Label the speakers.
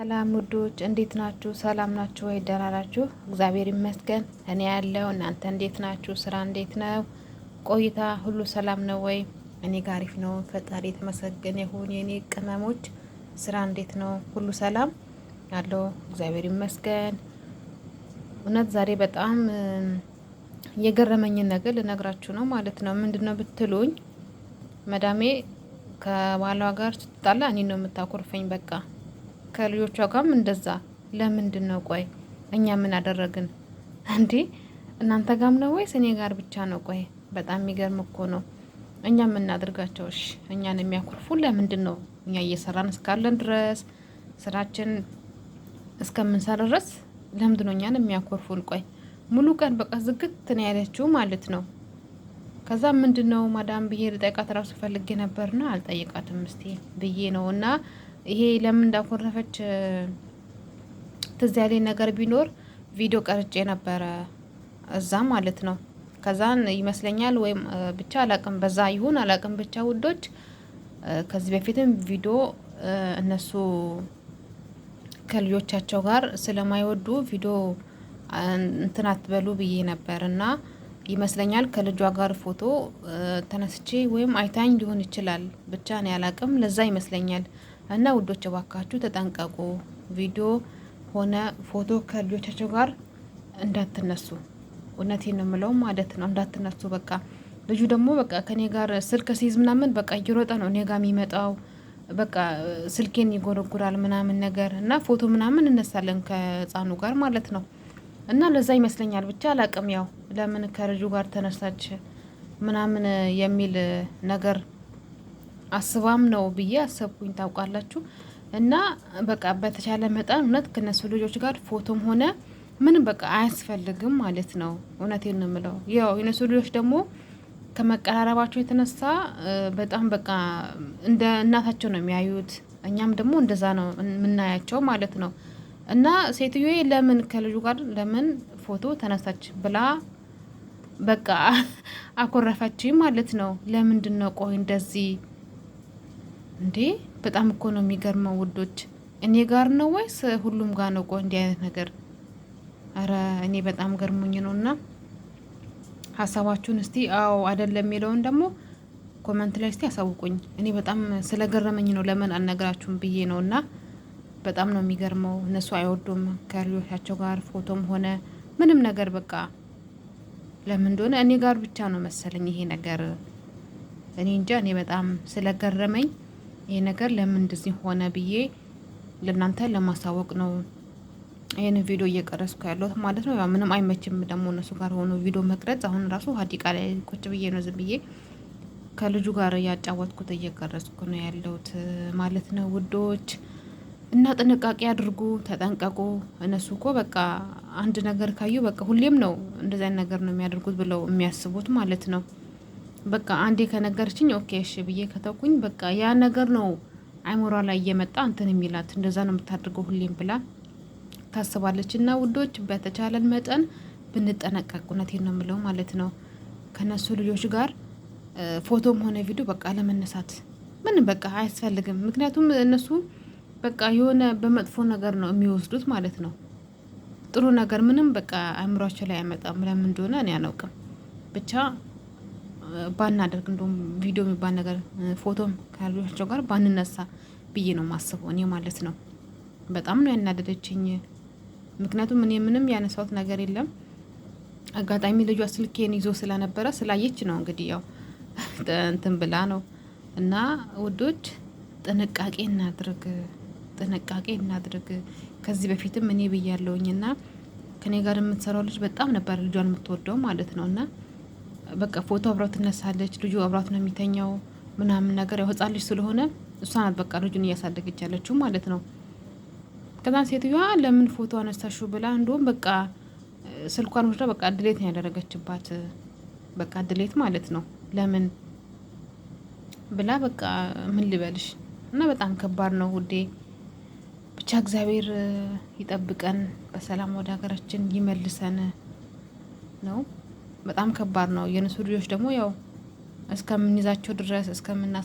Speaker 1: ሰላም ውዶች እንዴት ናችሁ? ሰላም ናችሁ ወይ? ደህና ናችሁ? እግዚአብሔር ይመስገን እኔ ያለው። እናንተ እንዴት ናችሁ? ስራ እንዴት ነው? ቆይታ ሁሉ ሰላም ነው ወይ? እኔ ጋር አሪፍ ነው፣ ፈጣሪ የተመሰገነ ይሁን። የኔ ቅመሞች ስራ እንዴት ነው? ሁሉ ሰላም አለው፣ እግዚአብሔር ይመስገን። እውነት ዛሬ በጣም የገረመኝን ነገር ልነግራችሁ ነው ማለት ነው። ምንድን ነው ብትሉኝ፣ መዳሜ ከባሏ ጋር ስትጣላ እኔ ነው የምታኮርፈኝ በቃ ከልጆቿ ጋርም እንደዛ። ለምንድን ነው ቆይ እኛ ምን አደረግን እንዴ? እናንተ ጋም ነው ወይስ እኔ ጋር ብቻ ነው? ቆይ በጣም የሚገርም እኮ ነው። እኛ የምናደርጋቸው እሺ፣ እኛን የሚያኩርፉ ለምንድን ነው? እኛ እየሰራን እስካለን ድረስ ስራችን እስከምንሰራ ድረስ ለምንድን ነው እኛን የሚያኮርፉን? ቆይ ሙሉ ቀን በቃ ዝግት ነው ያለችው ማለት ነው። ከዛ ምንድን ነው ማዳም ብዬ ልጠይቃት ራሱ ፈልጌ ነበርና አልጠይቃትም እስቲ ብዬ ነው እና ይሄ ለምን እንዳኮረፈች ትዝ ያለኝ ነገር ቢኖር ቪዲዮ ቀርጬ ነበረ እዛ ማለት ነው። ከዛን ይመስለኛል ወይም ብቻ አላቅም፣ በዛ ይሁን አላቅም። ብቻ ውዶች ከዚህ በፊትም ቪዲዮ እነሱ ከልጆቻቸው ጋር ስለማይወዱ ቪዲዮ እንትን አትበሉ ብዬ ነበር እና ይመስለኛል ከልጇ ጋር ፎቶ ተነስቼ ወይም አይታኝ ሊሆን ይችላል። ብቻ ነው ያላቅም። ለዛ ይመስለኛል እና ውዶች እባካችሁ ተጠንቀቁ። ቪዲዮ ሆነ ፎቶ ከልጆቻቸው ጋር እንዳትነሱ፣ እውነቴን ነው የምለው ማለት ነው። እንዳትነሱ በቃ ልጁ ደግሞ በቃ ከኔ ጋር ስልክ ሲይዝ ምናምን በቃ እየሮጠ ነው እኔ ጋር የሚመጣው በቃ ስልኬን ይጎረጉራል ምናምን ነገር እና ፎቶ ምናምን እነሳለን ከህፃኑ ጋር ማለት ነው። እና ለዛ ይመስለኛል ብቻ አላቅም ያው ለምን ከልጁ ጋር ተነሳች ምናምን የሚል ነገር አስባም ነው ብዬ አሰብኩኝ ታውቃላችሁ። እና በቃ በተቻለ መጠን እውነት ከነሱ ልጆች ጋር ፎቶም ሆነ ምንም በቃ አያስፈልግም ማለት ነው። እውነቴን ነው የምለው። ያው የነሱ ልጆች ደግሞ ከመቀራረባቸው የተነሳ በጣም በቃ እንደ እናታቸው ነው የሚያዩት። እኛም ደግሞ እንደዛ ነው የምናያቸው ማለት ነው። እና ሴትዮ ለምን ከልጁ ጋር ለምን ፎቶ ተነሳች ብላ በቃ አኮረፈች ማለት ነው። ለምንድን ነው ቆይ እንደዚህ እንዴ በጣም እኮ ነው የሚገርመው ውዶች። እኔ ጋር ነው ወይስ ሁሉም ጋር ነው? ቆ እንዲህ አይነት ነገር አረ እኔ በጣም ገርሞኝ ነው። እና ሀሳባችሁን እስቲ አዎ አይደለም የሚለውን ደግሞ ኮመንት ላይ እስቲ አሳውቁኝ። እኔ በጣም ስለገረመኝ ነው ለምን አልነግራችሁም ብዬ ነው። እና በጣም ነው የሚገርመው። እነሱ አይወዱም ከልጆቻቸው ጋር ፎቶም ሆነ ምንም ነገር በቃ ለምን እንደሆነ እኔ ጋር ብቻ ነው መሰለኝ ይሄ ነገር። እኔ እንጃ እኔ በጣም ስለገረመኝ ይሄ ነገር ለምን እንደዚህ ሆነ ብዬ ለእናንተ ለማሳወቅ ነው ይህን ቪዲዮ እየቀረስኩ ያለሁት ማለት ነው። ያው ምንም አይመችም ደግሞ እነሱ ጋር ሆኖ ቪዲዮ መቅረጽ። አሁን ራሱ ሀዲቃ ላይ ቁጭ ብዬ ነው ዝም ብዬ ከልጁ ጋር እያጫወትኩት እየቀረጽኩ ነው ያለሁት ማለት ነው ውዶች። እና ጥንቃቄ አድርጉ፣ ተጠንቀቁ። እነሱ እኮ በቃ አንድ ነገር ካዩ በቃ ሁሌም ነው እንደዚያን ነገር ነው የሚያደርጉት ብለው የሚያስቡት ማለት ነው። በቃ አንዴ ከነገርችኝ ኦኬ እሺ ብዬ ከተኩኝ በቃ ያ ነገር ነው አይሞራ ላይ እየመጣ እንትን የሚላት እንደዛ ነው የምታደርገው ሁሌም ብላ ታስባለች። እና ውዶች በተቻለን መጠን ብንጠነቀቅ እውነቴን ነው የምለው ማለት ነው ከነሱ ልጆች ጋር ፎቶም ሆነ ቪዲዮ በቃ ለመነሳት ምንም በቃ አያስፈልግም። ምክንያቱም እነሱ በቃ የሆነ በመጥፎ ነገር ነው የሚወስዱት ማለት ነው። ጥሩ ነገር ምንም በቃ አእምሯቸው ላይ አይመጣም። ለምን እንደሆነ እኔ አላውቅም ብቻ ባናደርግ እንደውም ቪዲዮ የሚባል ነገር ፎቶም ከልጆቻቸው ጋር ባንነሳ ብዬ ነው ማስበው እኔ ማለት ነው። በጣም ነው ያናደደችኝ። ምክንያቱም እኔ ምንም ያነሳሁት ነገር የለም። አጋጣሚ ልጇ ስልኬን ይዞ ስለነበረ ስላየች ነው እንግዲህ ያው እንትን ብላ ነው። እና ውዶች ጥንቃቄ እናድርግ፣ ጥንቃቄ እናድርግ። ከዚህ በፊትም እኔ ብያለውኝ እና ከኔ ጋር የምትሰራው ልጅ በጣም ነበር ልጇን የምትወደው ማለት ነው እና በቃ ፎቶ አብራው ትነሳለች፣ ልጁ አብራት ነው የሚተኛው ምናምን ነገር ያው ህጻን ልጅ ስለሆነ እሷ ናት በቃ ልጁን እያሳደገች ያለችው ማለት ነው። ከዛን ሴትዮዋ ለምን ፎቶ አነሳሹ ብላ እንዲሁም በቃ ስልኳን ወስዳ በቃ ድሌት ነው ያደረገችባት። በቃ ድሌት ማለት ነው ለምን ብላ በቃ ምን ልበልሽ እና በጣም ከባድ ነው ውዴ። ብቻ እግዚአብሔር ይጠብቀን፣ በሰላም ወደ ሀገራችን ይመልሰን ነው። በጣም ከባድ ነው። የነሱ ልጆች ደግሞ ያው እስከምንይዛቸው ድረስ እስከምና